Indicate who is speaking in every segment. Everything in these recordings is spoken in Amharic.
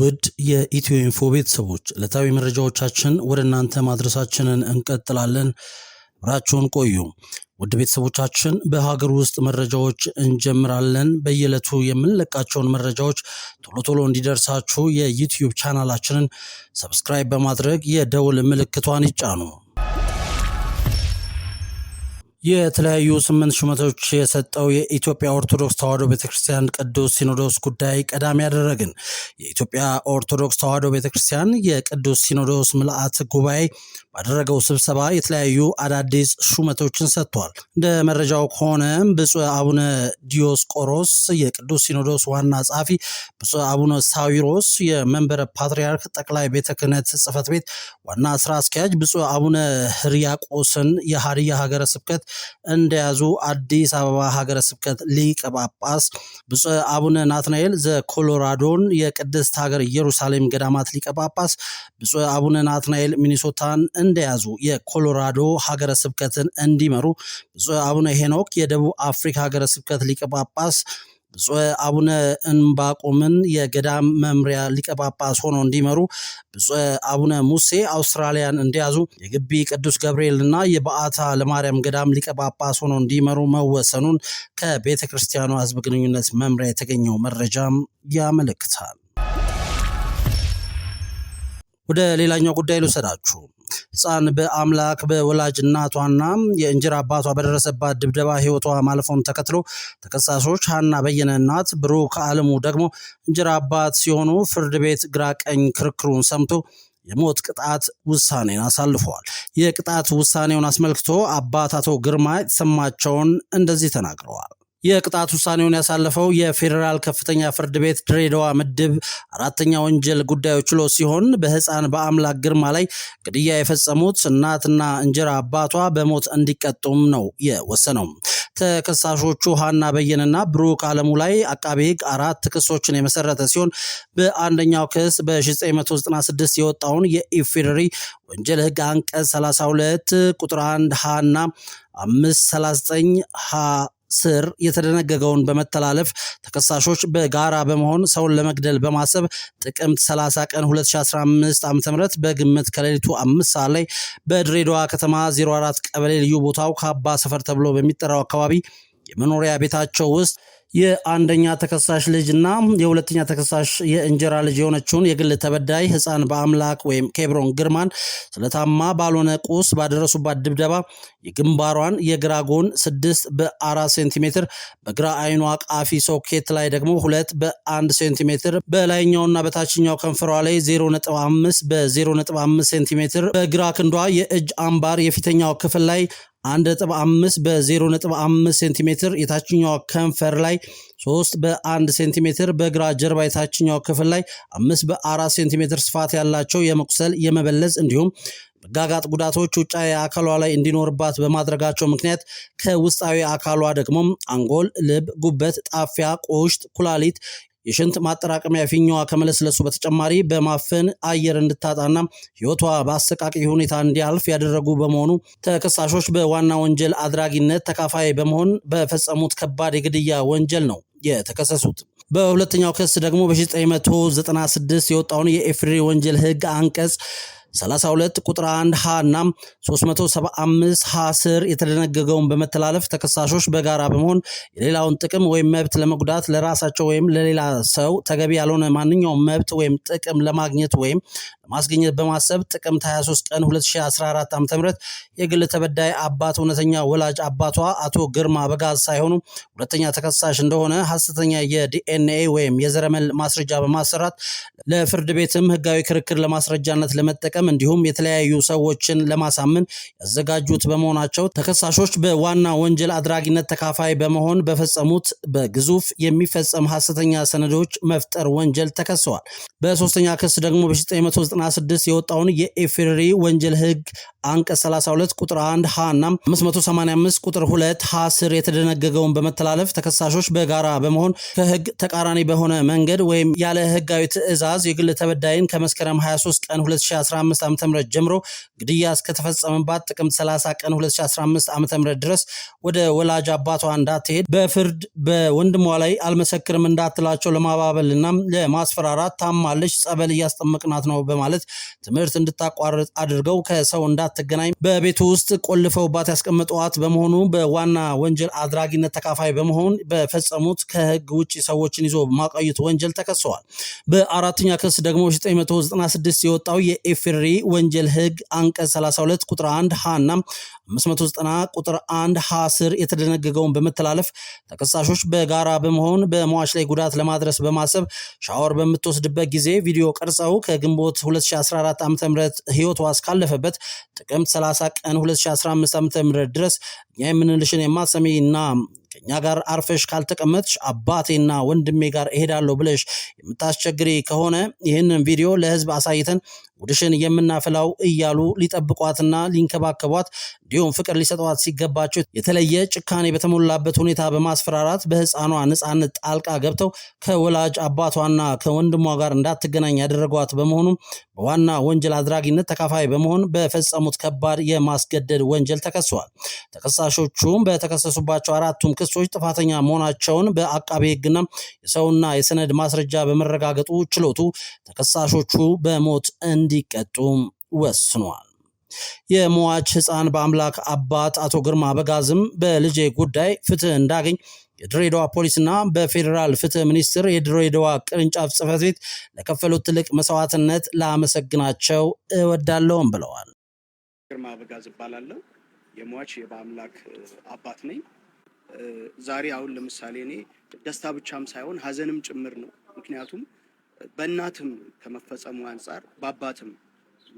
Speaker 1: ውድ የኢትዮ ኢንፎ ቤተሰቦች ዕለታዊ መረጃዎቻችን ወደ እናንተ ማድረሳችንን እንቀጥላለን። አብራችሁን ቆዩ። ውድ ቤተሰቦቻችን በሀገር ውስጥ መረጃዎች እንጀምራለን። በየዕለቱ የምንለቃቸውን መረጃዎች ቶሎ ቶሎ እንዲደርሳችሁ የዩትዩብ ቻናላችንን ሰብስክራይብ በማድረግ የደውል ምልክቷን ይጫኑ። የተለያዩ ስምንት ሹመቶች የሰጠው የኢትዮጵያ ኦርቶዶክስ ተዋህዶ ቤተክርስቲያን ቅዱስ ሲኖዶስ ጉዳይ ቀዳሚ ያደረግን። የኢትዮጵያ ኦርቶዶክስ ተዋህዶ ቤተክርስቲያን የቅዱስ ሲኖዶስ ምልአት ጉባኤ ባደረገው ስብሰባ የተለያዩ አዳዲስ ሹመቶችን ሰጥቷል። እንደ መረጃው ከሆነ ብፁዕ አቡነ ዲዮስቆሮስ የቅዱስ ሲኖዶስ ዋና ጸሐፊ፣ ብፁዕ አቡነ ሳዊሮስ የመንበረ ፓትርያርክ ጠቅላይ ቤተ ክህነት ጽሕፈት ቤት ዋና ስራ አስኪያጅ፣ ብፁዕ አቡነ ህርያቆስን የሀዲያ ሀገረ ስብከት እንደያዙ አዲስ አበባ ሀገረ ስብከት ሊቀ ጳጳስ ብፁዕ አቡነ ናትናኤል ዘኮሎራዶን የቅድስት ሀገር ኢየሩሳሌም ገዳማት ሊቀ ጳጳስ ብፁዕ አቡነ ናትናኤል ሚኒሶታን እንደያዙ የኮሎራዶ ሀገረ ስብከትን እንዲመሩ ብፁዕ አቡነ ሄኖክ የደቡብ አፍሪካ ሀገረ ስብከት ሊቀ ጳጳስ ብፁዕ አቡነ እንባቆምን የገዳም መምሪያ ሊቀ ጳጳስ እንዲመሩ፣ ብፁዕ አቡነ ሙሴ አውስትራሊያን እንዲያዙ፣ የግቢ ቅዱስ ገብርኤልና የበዓታ ለማርያም ገዳም ሊቀ ጳጳስ እንዲመሩ መወሰኑን ከቤተ ክርስቲያኗ ሕዝብ ግንኙነት መምሪያ የተገኘው መረጃም ያመለክታል። ወደ ሌላኛው ጉዳይ ልውሰዳችሁ። ህፃን በአምላክ በወላጅ እናቷና የእንጀራ አባቷ በደረሰባት ድብደባ ህይወቷ ማለፎን ተከትሎ ተከሳሾች ሀና በየነ እናት፣ ብሩክ አለሙ ደግሞ እንጀራ አባት ሲሆኑ ፍርድ ቤት ግራ ቀኝ ክርክሩን ሰምቶ የሞት ቅጣት ውሳኔን አሳልፈዋል። የቅጣት ውሳኔውን አስመልክቶ አባት አቶ ግርማ የተሰማቸውን እንደዚህ ተናግረዋል። የቅጣት ውሳኔውን ያሳለፈው የፌዴራል ከፍተኛ ፍርድ ቤት ድሬዳዋ ምድብ አራተኛ ወንጀል ጉዳዮች ችሎት ሲሆን በህፃን በአምላክ ግርማ ላይ ግድያ የፈጸሙት እናትና እንጀራ አባቷ በሞት እንዲቀጡም ነው የወሰነው። ተከሳሾቹ ሀና በየንና ብሩክ አለሙ ላይ አቃቤ ህግ አራት ክሶችን የመሰረተ ሲሆን በአንደኛው ክስ በ1996 የወጣውን የኢፌዴሪ ወንጀል ህግ አንቀጽ 32 ቁጥር 1 ሀና 539 ስር የተደነገገውን በመተላለፍ ተከሳሾች በጋራ በመሆን ሰውን ለመግደል በማሰብ ጥቅምት 30 ቀን 2015 ዓ ም በግምት ከሌሊቱ አምስት ሰዓት ላይ በድሬዳዋ ከተማ 04 ቀበሌ ልዩ ቦታው ካባ ሰፈር ተብሎ በሚጠራው አካባቢ የመኖሪያ ቤታቸው ውስጥ የአንደኛ ተከሳሽ ልጅ እና የሁለተኛ ተከሳሽ የእንጀራ ልጅ የሆነችውን የግል ተበዳይ ህፃን በአምላክ ወይም ኬብሮን ግርማን ስለታማ ባልሆነ ቁስ ባደረሱባት ድብደባ የግንባሯን የግራ ጎን ስድስት በአራት ሴንቲሜትር በግራ አይኗ ቃፊ ሶኬት ላይ ደግሞ ሁለት በአንድ ሴንቲሜትር በላይኛውና በታችኛው ከንፈሯ ላይ 0.5 በ0.5 ሴንቲሜትር በግራ ክንዷ የእጅ አምባር የፊተኛው ክፍል ላይ አንድ ነጥብ አምስት በዜሮ ነጥብ አምስት ሴንቲሜትር የታችኛው ከንፈር ላይ ሶስት በአንድ ሴንቲሜትር በግራ ጀርባ የታችኛው ክፍል ላይ አምስት በአራት ሴንቲሜትር ስፋት ያላቸው የመቁሰል የመበለዝ እንዲሁም መጋጋጥ ጉዳቶች ውጫዊ አካሏ ላይ እንዲኖርባት በማድረጋቸው ምክንያት ከውስጣዊ አካሏ ደግሞ አንጎል፣ ልብ፣ ጉበት፣ ጣፊያ፣ ቆሽት፣ ኩላሊት፣ የሽንት ማጠራቀሚያ ፊኛዋ ከመለስለሱ በተጨማሪ በማፈን አየር እንድታጣና ሕይወቷ በአሰቃቂ ሁኔታ እንዲያልፍ ያደረጉ በመሆኑ ተከሳሾች በዋና ወንጀል አድራጊነት ተካፋይ በመሆን በፈጸሙት ከባድ የግድያ ወንጀል ነው የተከሰሱት። በሁለተኛው ክስ ደግሞ በ1996 የወጣውን የኤፍሪ ወንጀል ሕግ አንቀጽ 32 ቁጥር 1 ሀ እና 375 ሀ ስር የተደነገገውን በመተላለፍ ተከሳሾች በጋራ በመሆን የሌላውን ጥቅም ወይም መብት ለመጉዳት ለራሳቸው ወይም ለሌላ ሰው ተገቢ ያልሆነ ማንኛውም መብት ወይም ጥቅም ለማግኘት ወይም ለማስገኘት በማሰብ ጥቅምት 23 ቀን 2014 ዓ.ም የግል ተበዳይ አባት እውነተኛ ወላጅ አባቷ አቶ ግርማ በጋዝ ሳይሆኑ ሁለተኛ ተከሳሽ እንደሆነ ሐሰተኛ የዲኤንኤ ወይም የዘረመል ማስረጃ በማሰራት ለፍርድ ቤትም ህጋዊ ክርክር ለማስረጃነት ለመጠቀም ለመጠቀም እንዲሁም የተለያዩ ሰዎችን ለማሳመን ያዘጋጁት በመሆናቸው ተከሳሾች በዋና ወንጀል አድራጊነት ተካፋይ በመሆን በፈጸሙት በግዙፍ የሚፈጸም ሐሰተኛ ሰነዶች መፍጠር ወንጀል ተከሰዋል። በሶስተኛ ክስ ደግሞ በ996 የወጣውን የኢፌዴሪ ወንጀል ህግ አንቀጽ 32 ቁጥር 1 ሀ እና 585 ቁጥር 2 ሀ ስር የተደነገገውን በመተላለፍ ተከሳሾች በጋራ በመሆን ከህግ ተቃራኒ በሆነ መንገድ ወይም ያለ ህጋዊ ትዕዛዝ የግል ተበዳይን ከመስከረም 23 ቀን 2015 2015 ዓ ም ጀምሮ ግድያ እስከተፈጸመባት ጥቅምት 30 ቀን 2015 ዓ ም ድረስ ወደ ወላጅ አባቷ እንዳትሄድ በፍርድ በወንድሟ ላይ አልመሰክርም እንዳትላቸው ለማባበልና ለማስፈራራት ታማለች፣ ጸበል እያስጠመቅናት ነው በማለት ትምህርት እንድታቋርጥ አድርገው ከሰው እንዳትገናኝ በቤቱ ውስጥ ቆልፈውባት ያስቀምጠዋት በመሆኑ በዋና ወንጀል አድራጊነት ተካፋይ በመሆን በፈጸሙት ከህግ ውጭ ሰዎችን ይዞ ማቆየት ወንጀል ተከሰዋል። በአራተኛ ክስ ደግሞ 996 የወጣው የኤፌር ኢፌዴሪ ወንጀል ህግ አንቀጽ 32 ቁጥር 1 ሀ እና 590 ቁጥር 1 ሀ ስር የተደነገገውን በመተላለፍ ተከሳሾች በጋራ በመሆን በሟች ላይ ጉዳት ለማድረስ በማሰብ ሻወር በምትወስድበት ጊዜ ቪዲዮ ቀርጸው ከግንቦት 2014 ዓ ም ህይወቷ እስካለፈበት ጥቅምት 30 ቀን 2015 ዓ ም ድረስ እኛ የምንልሽን የማትሰሚና ከኛ ጋር አርፈሽ ካልተቀመጥሽ አባቴና ወንድሜ ጋር እሄዳለሁ ብለሽ የምታስቸግሪ ከሆነ ይህንን ቪዲዮ ለህዝብ አሳይተን ውድሽን የምናፈላው እያሉ ሊጠብቋትና ሊንከባከቧት እንዲሁም ፍቅር ሊሰጠዋት ሲገባቸው የተለየ ጭካኔ በተሞላበት ሁኔታ በማስፈራራት በህፃኗ ነፃነት ጣልቃ ገብተው ከወላጅ አባቷና ከወንድሟ ጋር እንዳትገናኝ ያደረጓት በመሆኑም በዋና ወንጀል አድራጊነት ተካፋይ በመሆን በፈጸሙት ከባድ የማስገደድ ወንጀል ተከሷል። ተከሳሾቹም በተከሰሱባቸው አራቱም ክሶች ጥፋተኛ መሆናቸውን በአቃቤ ሕግና የሰውና የሰነድ ማስረጃ በመረጋገጡ ችሎቱ ተከሳሾቹ በሞት እንዲቀጡ ወስኗል። የሟች ህፃን በአምላክ አባት አቶ ግርማ በጋዝም በልጄ ጉዳይ ፍትህ እንዳገኝ የድሬዳዋ ፖሊስና በፌዴራል ፍትህ ሚኒስቴር የድሬዳዋ ቅርንጫፍ ጽህፈት ቤት ለከፈሉት ትልቅ መስዋዕትነት ላመሰግናቸው እወዳለሁም ብለዋል።
Speaker 2: ግርማ በጋዝ እባላለሁ። የሟች የበአምላክ አባት ነኝ። ዛሬ አሁን ለምሳሌ እኔ ደስታ ብቻም ሳይሆን ሀዘንም ጭምር ነው። ምክንያቱም በእናትም ከመፈጸሙ አንጻር በአባትም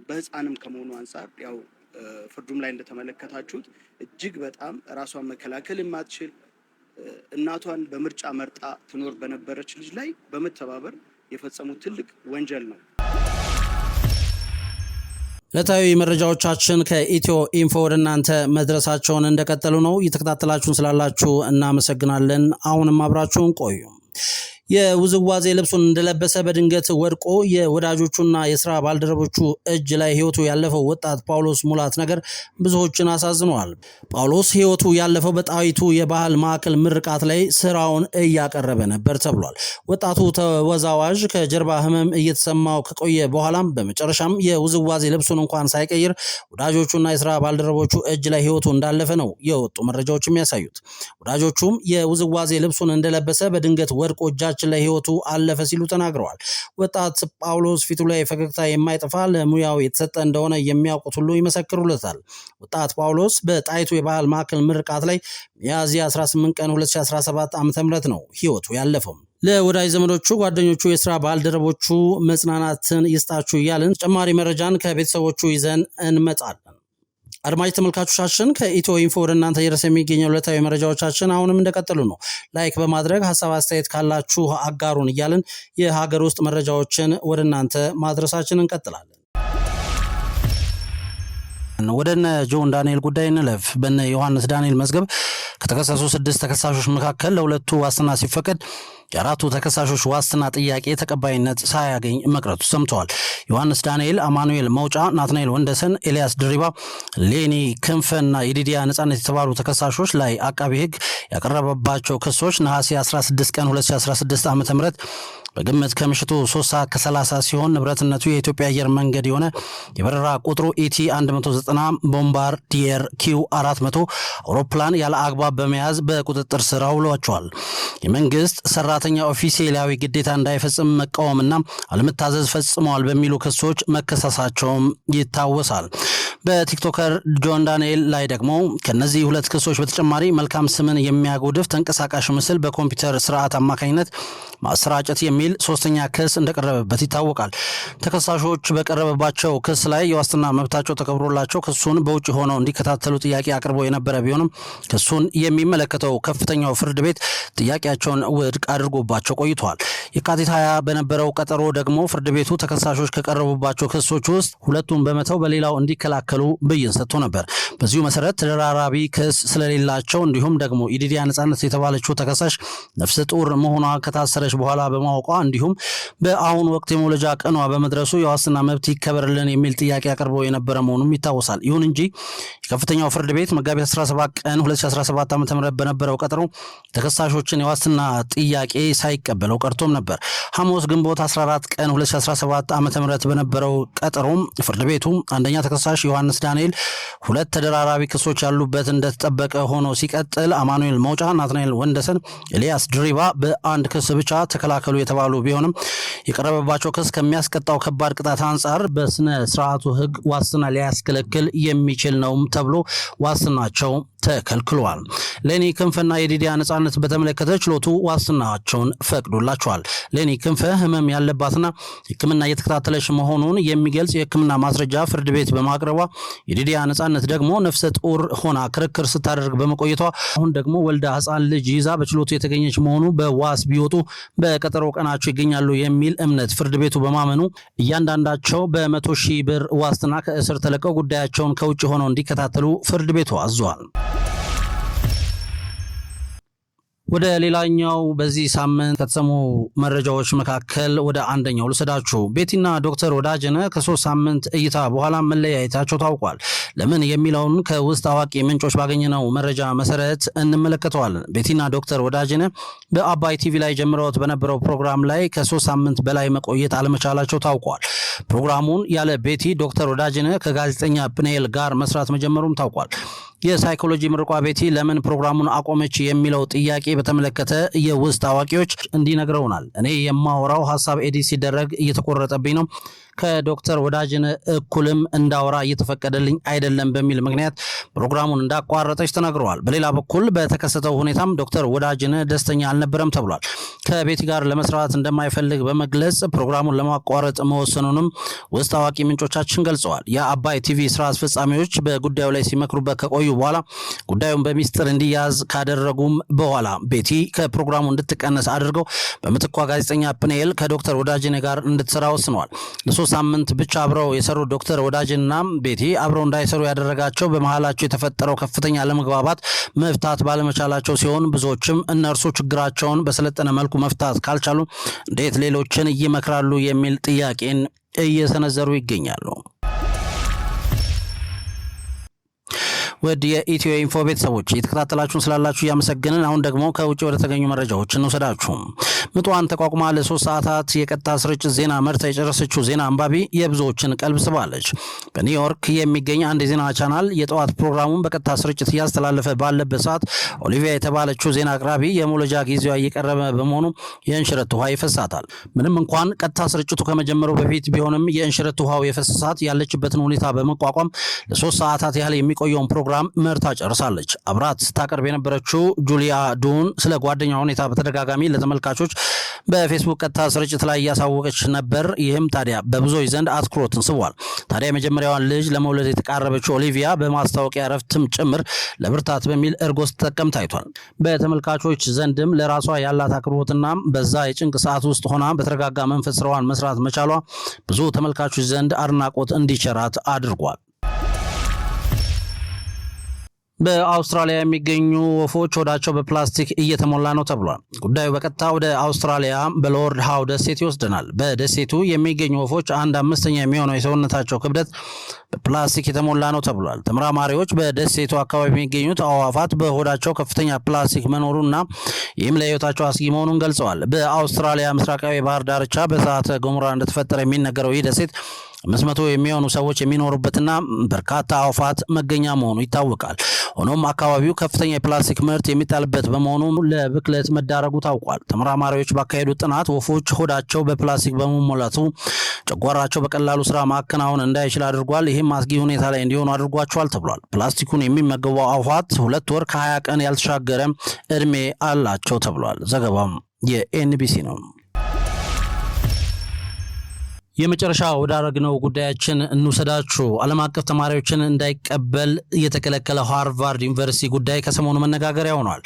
Speaker 2: በህፃንም ከመሆኑ አንጻር ያው ፍርዱም ላይ እንደተመለከታችሁት እጅግ በጣም ራሷን መከላከል የማትችል እናቷን በምርጫ መርጣ ትኖር በነበረች ልጅ ላይ በመተባበር የፈጸሙት ትልቅ ወንጀል ነው።
Speaker 1: ዕለታዊ መረጃዎቻችን ከኢትዮ ኢንፎ ወደ እናንተ መድረሳቸውን እንደቀጠሉ ነው። እየተከታተላችሁን ስላላችሁ እናመሰግናለን። አሁንም አብራችሁን ቆዩ። የውዝዋዜ ልብሱን እንደለበሰ በድንገት ወድቆ የወዳጆቹና የስራ ባልደረቦቹ እጅ ላይ ህይወቱ ያለፈው ወጣት ጳውሎስ ሙላት ነገር ብዙዎችን አሳዝነዋል። ጳውሎስ ህይወቱ ያለፈው በጣይቱ የባህል ማዕከል ምርቃት ላይ ስራውን እያቀረበ ነበር ተብሏል። ወጣቱ ተወዛዋዥ ከጀርባ ህመም እየተሰማው ከቆየ በኋላም በመጨረሻም የውዝዋዜ ልብሱን እንኳን ሳይቀይር ወዳጆቹና የስራ ባልደረቦቹ እጅ ላይ ህይወቱ እንዳለፈ ነው የወጡ መረጃዎች የሚያሳዩት። ወዳጆቹም የውዝዋዜ ልብሱን እንደለበሰ በድንገት ወድቆ እጃቸው ለህይወቱ አለፈ ሲሉ ተናግረዋል። ወጣት ጳውሎስ ፊቱ ላይ ፈገግታ የማይጠፋ ለሙያው የተሰጠ እንደሆነ የሚያውቁት ሁሉ ይመሰክሩለታል። ወጣት ጳውሎስ በጣይቱ የባህል ማዕከል ምርቃት ላይ ሚያዝያ 18 ቀን 2017 ዓ ም ነው ህይወቱ ያለፈው። ለወዳጅ ዘመዶቹ፣ ጓደኞቹ፣ የስራ ባልደረቦቹ መጽናናትን ይስጣችሁ እያልን ተጨማሪ መረጃን ከቤተሰቦቹ ይዘን እንመጣለን። አድማጭ ተመልካቾቻችን ከኢትዮ ኢንፎ ወደ እናንተ እየደረሰ የሚገኘው ዕለታዊ መረጃዎቻችን አሁንም እንደቀጠሉ ነው። ላይክ በማድረግ ሀሳብ አስተያየት ካላችሁ አጋሩን እያልን የሀገር ውስጥ መረጃዎችን ወደ እናንተ ማድረሳችን እንቀጥላለን። ወደ እነ ጆን ዳንኤል ጉዳይ እንለፍ። በነ ዮሐንስ ዳንኤል መዝገብ ከተከሰሱ ስድስት ተከሳሾች መካከል ለሁለቱ ዋስትና ሲፈቀድ የአራቱ ተከሳሾች ዋስትና ጥያቄ ተቀባይነት ሳያገኝ መቅረቱ ሰምተዋል። ዮሐንስ ዳንኤል፣ አማኑኤል መውጫ፣ ናትናኤል ወንደሰን፣ ኤልያስ ድሪባ፣ ሌኒ ክንፈና የዲዲያ ነጻነት የተባሉ ተከሳሾች ላይ አቃቢ ሕግ ያቀረበባቸው ክሶች ነሐሴ 16 ቀን 2016 ዓ ም በግምት ከምሽቱ 3 ሰዓት ከ30 ሲሆን ንብረትነቱ የኢትዮጵያ አየር መንገድ የሆነ የበረራ ቁጥሩ ኢቲ 190 ቦምባርዲየር ኪው 400 አውሮፕላን ያለ አግባብ በመያዝ በቁጥጥር ስር አውሏቸዋል። የመንግስት ሰራ ሰራተኛ ኦፊሴላዊ ግዴታ እንዳይፈጽም መቃወምና አለመታዘዝ ፈጽመዋል በሚሉ ክሶች መከሰሳቸውም ይታወሳል። በቲክቶከር ጆን ዳንኤል ላይ ደግሞ ከነዚህ ሁለት ክሶች በተጨማሪ መልካም ስምን የሚያጎድፍ ተንቀሳቃሽ ምስል በኮምፒውተር ስርዓት አማካኝነት ማሰራጨት የሚል ሶስተኛ ክስ እንደቀረበበት ይታወቃል። ተከሳሾች በቀረበባቸው ክስ ላይ የዋስትና መብታቸው ተከብሮላቸው ክሱን በውጭ ሆነው እንዲከታተሉ ጥያቄ አቅርቦ የነበረ ቢሆንም ክሱን የሚመለከተው ከፍተኛው ፍርድ ቤት ጥያቄያቸውን ውድቅ አድርጎ ተደርጎባቸው ቆይቷል። የካቲት ሀያ በነበረው ቀጠሮ ደግሞ ፍርድ ቤቱ ተከሳሾች ከቀረቡባቸው ክሶች ውስጥ ሁለቱን በመተው በሌላው እንዲከላከሉ ብይን ሰጥቶ ነበር። በዚሁ መሰረት ተደራራቢ ክስ ስለሌላቸው እንዲሁም ደግሞ ኢዲዲያ ነጻነት የተባለችው ተከሳሽ ነፍሰ ጡር መሆኗ ከታሰረች በኋላ በማወቋ እንዲሁም በአሁኑ ወቅት የመውለጃ ቀኗ በመድረሱ የዋስትና መብት ይከበርልን የሚል ጥያቄ አቅርበው የነበረ መሆኑም ይታወሳል። ይሁን እንጂ የከፍተኛው ፍርድ ቤት መጋቢት 17 ቀን 2017 ዓ ም በነበረው ቀጠሮ ተከሳሾችን የዋስትና ጥያቄ ቪኤ ሳይቀበለው ቀርቶም ነበር። ሐሙስ ግንቦት 14 ቀን 2017 ዓ ም በነበረው ቀጠሮም ፍርድ ቤቱ አንደኛ ተከሳሽ ዮሐንስ ዳንኤል ሁለት ተደራራቢ ክሶች ያሉበት እንደተጠበቀ ሆኖ ሲቀጥል አማኑኤል መውጫ፣ ናትናኤል ወንደሰን፣ ኤልያስ ድሪባ በአንድ ክስ ብቻ ተከላከሉ የተባሉ ቢሆንም የቀረበባቸው ክስ ከሚያስቀጣው ከባድ ቅጣት አንጻር በስነ ስርዓቱ ህግ ዋስና ሊያስከለክል የሚችል ነውም ተብሎ ዋስናቸው ተከልክሏል። ሌኒ ክንፍና የዲዲያ ነጻነት በተመለከተ ችሎቱ ዋስናቸው እንዲኖራቸውን ፈቅዶላቸዋል። ሌኒ ክንፈ ህመም ያለባትና ህክምና እየተከታተለች መሆኑን የሚገልጽ የህክምና ማስረጃ ፍርድ ቤት በማቅረቧ የዲዲያ ነጻነት ደግሞ ነፍሰ ጡር ሆና ክርክር ስታደርግ በመቆየቷ አሁን ደግሞ ወልዳ ህፃን ልጅ ይዛ በችሎቱ የተገኘች መሆኑ በዋስ ቢወጡ በቀጠሮ ቀናቸው ይገኛሉ የሚል እምነት ፍርድ ቤቱ በማመኑ እያንዳንዳቸው በመቶ ሺህ ብር ዋስትና ከእስር ተለቀው ጉዳያቸውን ከውጭ ሆነው እንዲከታተሉ ፍርድ ቤቱ አዟል። ወደ ሌላኛው በዚህ ሳምንት ከተሰሙ መረጃዎች መካከል ወደ አንደኛው ልሰዳችሁ። ቤቲና ዶክተር ወዳጅነ ከሶስት ሳምንት እይታ በኋላ መለያየታቸው ታውቋል። ለምን የሚለውን ከውስጥ አዋቂ ምንጮች ባገኘነው መረጃ መሰረት እንመለከተዋለን። ቤቲና ዶክተር ወዳጅነ በአባይ ቲቪ ላይ ጀምረውት በነበረው ፕሮግራም ላይ ከሶስት ሳምንት በላይ መቆየት አለመቻላቸው ታውቋል። ፕሮግራሙን ያለ ቤቲ ዶክተር ወዳጅነ ከጋዜጠኛ ፕኔል ጋር መስራት መጀመሩም ታውቋል። የሳይኮሎጂ ምርቋ ቤቲ ለምን ፕሮግራሙን አቆመች የሚለው ጥያቄ በተመለከተ የውስጥ አዋቂዎች እንዲነግረውናል። እኔ የማወራው ሀሳብ ኤዲት ሲደረግ እየተቆረጠብኝ ነው ከዶክተር ወዳጅን እኩልም እንዳወራ እየተፈቀደልኝ አይደለም በሚል ምክንያት ፕሮግራሙን እንዳቋረጠች ተናግረዋል። በሌላ በኩል በተከሰተው ሁኔታም ዶክተር ወዳጅን ደስተኛ አልነበረም ተብሏል። ከቤቲ ጋር ለመስራት እንደማይፈልግ በመግለጽ ፕሮግራሙን ለማቋረጥ መወሰኑንም ውስጥ አዋቂ ምንጮቻችን ገልጸዋል። የአባይ ቲቪ ስራ አስፈጻሚዎች በጉዳዩ ላይ ሲመክሩበት ከቆዩ በኋላ ጉዳዩን በሚስጥር እንዲያዝ ካደረጉም በኋላ ቤቲ ከፕሮግራሙ እንድትቀነስ አድርገው በምትኳ ጋዜጠኛ ፕኔል ከዶክተር ወዳጅኔ ጋር እንድትሰራ ወስነዋል። ለሶስት ሳምንት ብቻ አብረው የሰሩ ዶክተር ወዳጅና ቤቲ አብረው እንዳይሰሩ ያደረጋቸው በመሃላቸው የተፈጠረው ከፍተኛ ለመግባባት መፍታት ባለመቻላቸው ሲሆን ብዙዎችም እነርሱ ችግራቸውን በሰለጠነ መልኩ መፍታት ካልቻሉ እንዴት ሌሎችን ይመክራሉ የሚል ጥያቄን እየሰነዘሩ ይገኛሉ። ውድ የኢትዮ ኢንፎ ቤተሰቦች የተከታተላችሁን ስላላችሁ እያመሰገንን፣ አሁን ደግሞ ከውጭ ወደ ተገኙ መረጃዎች እንውሰዳችሁ። ምጧን ተቋቁማ ለሶስት ሰዓታት የቀጥታ ስርጭት ዜና መርታ የጨረሰችው ዜና አንባቢ የብዙዎችን ቀልብ ስባለች። በኒውዮርክ የሚገኝ አንድ የዜና ቻናል የጠዋት ፕሮግራሙን በቀጥታ ስርጭት እያስተላለፈ ባለበት ሰዓት ኦሊቪያ የተባለችው ዜና አቅራቢ የመውለጃ ጊዜዋ እየቀረበ በመሆኑ የእንሽረት ውሃ ይፈሳታል። ምንም እንኳን ቀጥታ ስርጭቱ ከመጀመሩ በፊት ቢሆንም የእንሽረት ውሃው የፈሰሳት ያለችበትን ሁኔታ በመቋቋም ለሶስት ሰዓታት ያህል የሚቆየውን ፕሮግራም ፕሮግራም መርታ ጨርሳለች። አብራት ስታቀርብ የነበረችው ጁሊያ ዱን ስለ ጓደኛ ሁኔታ በተደጋጋሚ ለተመልካቾች በፌስቡክ ቀጥታ ስርጭት ላይ እያሳወቀች ነበር። ይህም ታዲያ በብዙዎች ዘንድ አትኩሮትን ስቧል። ታዲያ የመጀመሪያዋን ልጅ ለመውለድ የተቃረበችው ኦሊቪያ በማስታወቂያ እረፍትም ጭምር ለብርታት በሚል እርጎ ስትጠቀም ታይቷል። በተመልካቾች ዘንድም ለራሷ ያላት አክብሮትና በዛ የጭንቅ ሰዓት ውስጥ ሆና በተረጋጋ መንፈስ ስራዋን መስራት መቻሏ ብዙ ተመልካቾች ዘንድ አድናቆት እንዲቸራት አድርጓል። በአውስትራሊያ የሚገኙ ወፎች ሆዳቸው በፕላስቲክ እየተሞላ ነው ተብሏል። ጉዳዩ በቀጥታ ወደ አውስትራሊያ በሎርድ ሃው ደሴት ይወስደናል። በደሴቱ የሚገኙ ወፎች አንድ አምስተኛ የሚሆነው የሰውነታቸው ክብደት በፕላስቲክ የተሞላ ነው ተብሏል። ተመራማሪዎች በደሴቱ አካባቢ የሚገኙት አዕዋፋት በሆዳቸው ከፍተኛ ፕላስቲክ መኖሩና ይህም ለህይወታቸው አስጊ መሆኑን ገልጸዋል። በአውስትራሊያ ምስራቃዊ ባህር ዳርቻ በሰዓተ ገሞራ እንደተፈጠረ የሚነገረው ይህ ደሴት አምስት መቶ የሚሆኑ ሰዎች የሚኖሩበትና በርካታ አውፋት መገኛ መሆኑ ይታወቃል። ሆኖም አካባቢው ከፍተኛ የፕላስቲክ ምርት የሚጣልበት በመሆኑ ለብክለት መዳረጉ ታውቋል። ተመራማሪዎች ባካሄዱት ጥናት ወፎች ሆዳቸው በፕላስቲክ በመሞላቱ ጨጓራቸው በቀላሉ ስራ ማከናወን እንዳይችል አድርጓል። ይህም አስጊ ሁኔታ ላይ እንዲሆኑ አድርጓቸዋል ተብሏል። ፕላስቲኩን የሚመገቡ አውፋት ሁለት ወር ከ20 ቀን ያልተሻገረ እድሜ አላቸው ተብሏል። ዘገባም የኤንቢሲ ነው። የመጨረሻ ወዳረግነው ጉዳያችን እንውሰዳችሁ። ዓለም አቀፍ ተማሪዎችን እንዳይቀበል የተከለከለ ሃርቫርድ ዩኒቨርሲቲ ጉዳይ ከሰሞኑ መነጋገሪያ ሆኗል።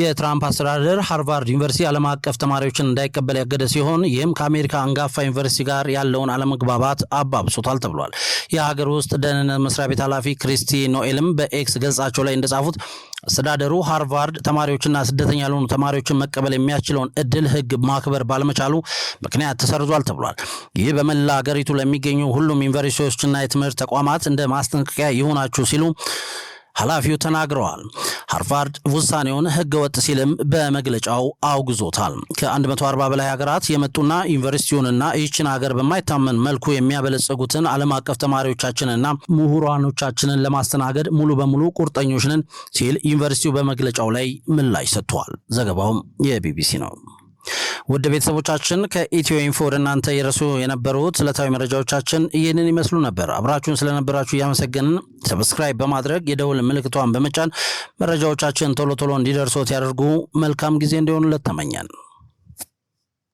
Speaker 1: የትራምፕ አስተዳደር ሃርቫርድ ዩኒቨርሲቲ ዓለም አቀፍ ተማሪዎችን እንዳይቀበል ያገደ ሲሆን ይህም ከአሜሪካ አንጋፋ ዩኒቨርሲቲ ጋር ያለውን አለመግባባት አባብሶታል ተብሏል። የሀገር ውስጥ ደህንነት መስሪያ ቤት ኃላፊ ክሪስቲ ኖኤልም በኤክስ ገጻቸው ላይ እንደጻፉት አስተዳደሩ ሃርቫርድ ተማሪዎችና ስደተኛ ያልሆኑ ተማሪዎችን መቀበል የሚያስችለውን እድል ህግ ማክበር ባለመቻሉ ምክንያት ተሰርዟል ተብሏል። ይህ በመላ ሀገሪቱ ለሚገኙ ሁሉም ዩኒቨርሲቲዎችና የትምህርት ተቋማት እንደ ማስጠንቀቂያ ይሁናችሁ ሲሉ ኃላፊው ተናግረዋል። ሃርቫርድ ውሳኔውን ህገ ወጥ ሲልም በመግለጫው አውግዞታል። ከ140 በላይ ሀገራት የመጡና ዩኒቨርሲቲውንና ይህችን ሀገር በማይታመን መልኩ የሚያበለጸጉትን ዓለም አቀፍ ተማሪዎቻችንና ምሁራኖቻችንን ለማስተናገድ ሙሉ በሙሉ ቁርጠኞች ነን ሲል ዩኒቨርሲቲው በመግለጫው ላይ ምላሽ ሰጥቷል። ዘገባውም የቢቢሲ ነው። ውድ ቤተሰቦቻችን ከኢትዮ ኢንፎ ወደ እናንተ የደረሱ የነበሩት ዕለታዊ መረጃዎቻችን ይህንን ይመስሉ ነበር። አብራችሁን ስለነበራችሁ እያመሰገንን ሰብስክራይብ በማድረግ የደውል ምልክቷን በመጫን መረጃዎቻችን ቶሎ ቶሎ እንዲደርሶት ያደርጉ። መልካም ጊዜ እንዲሆኑለት ተመኘን።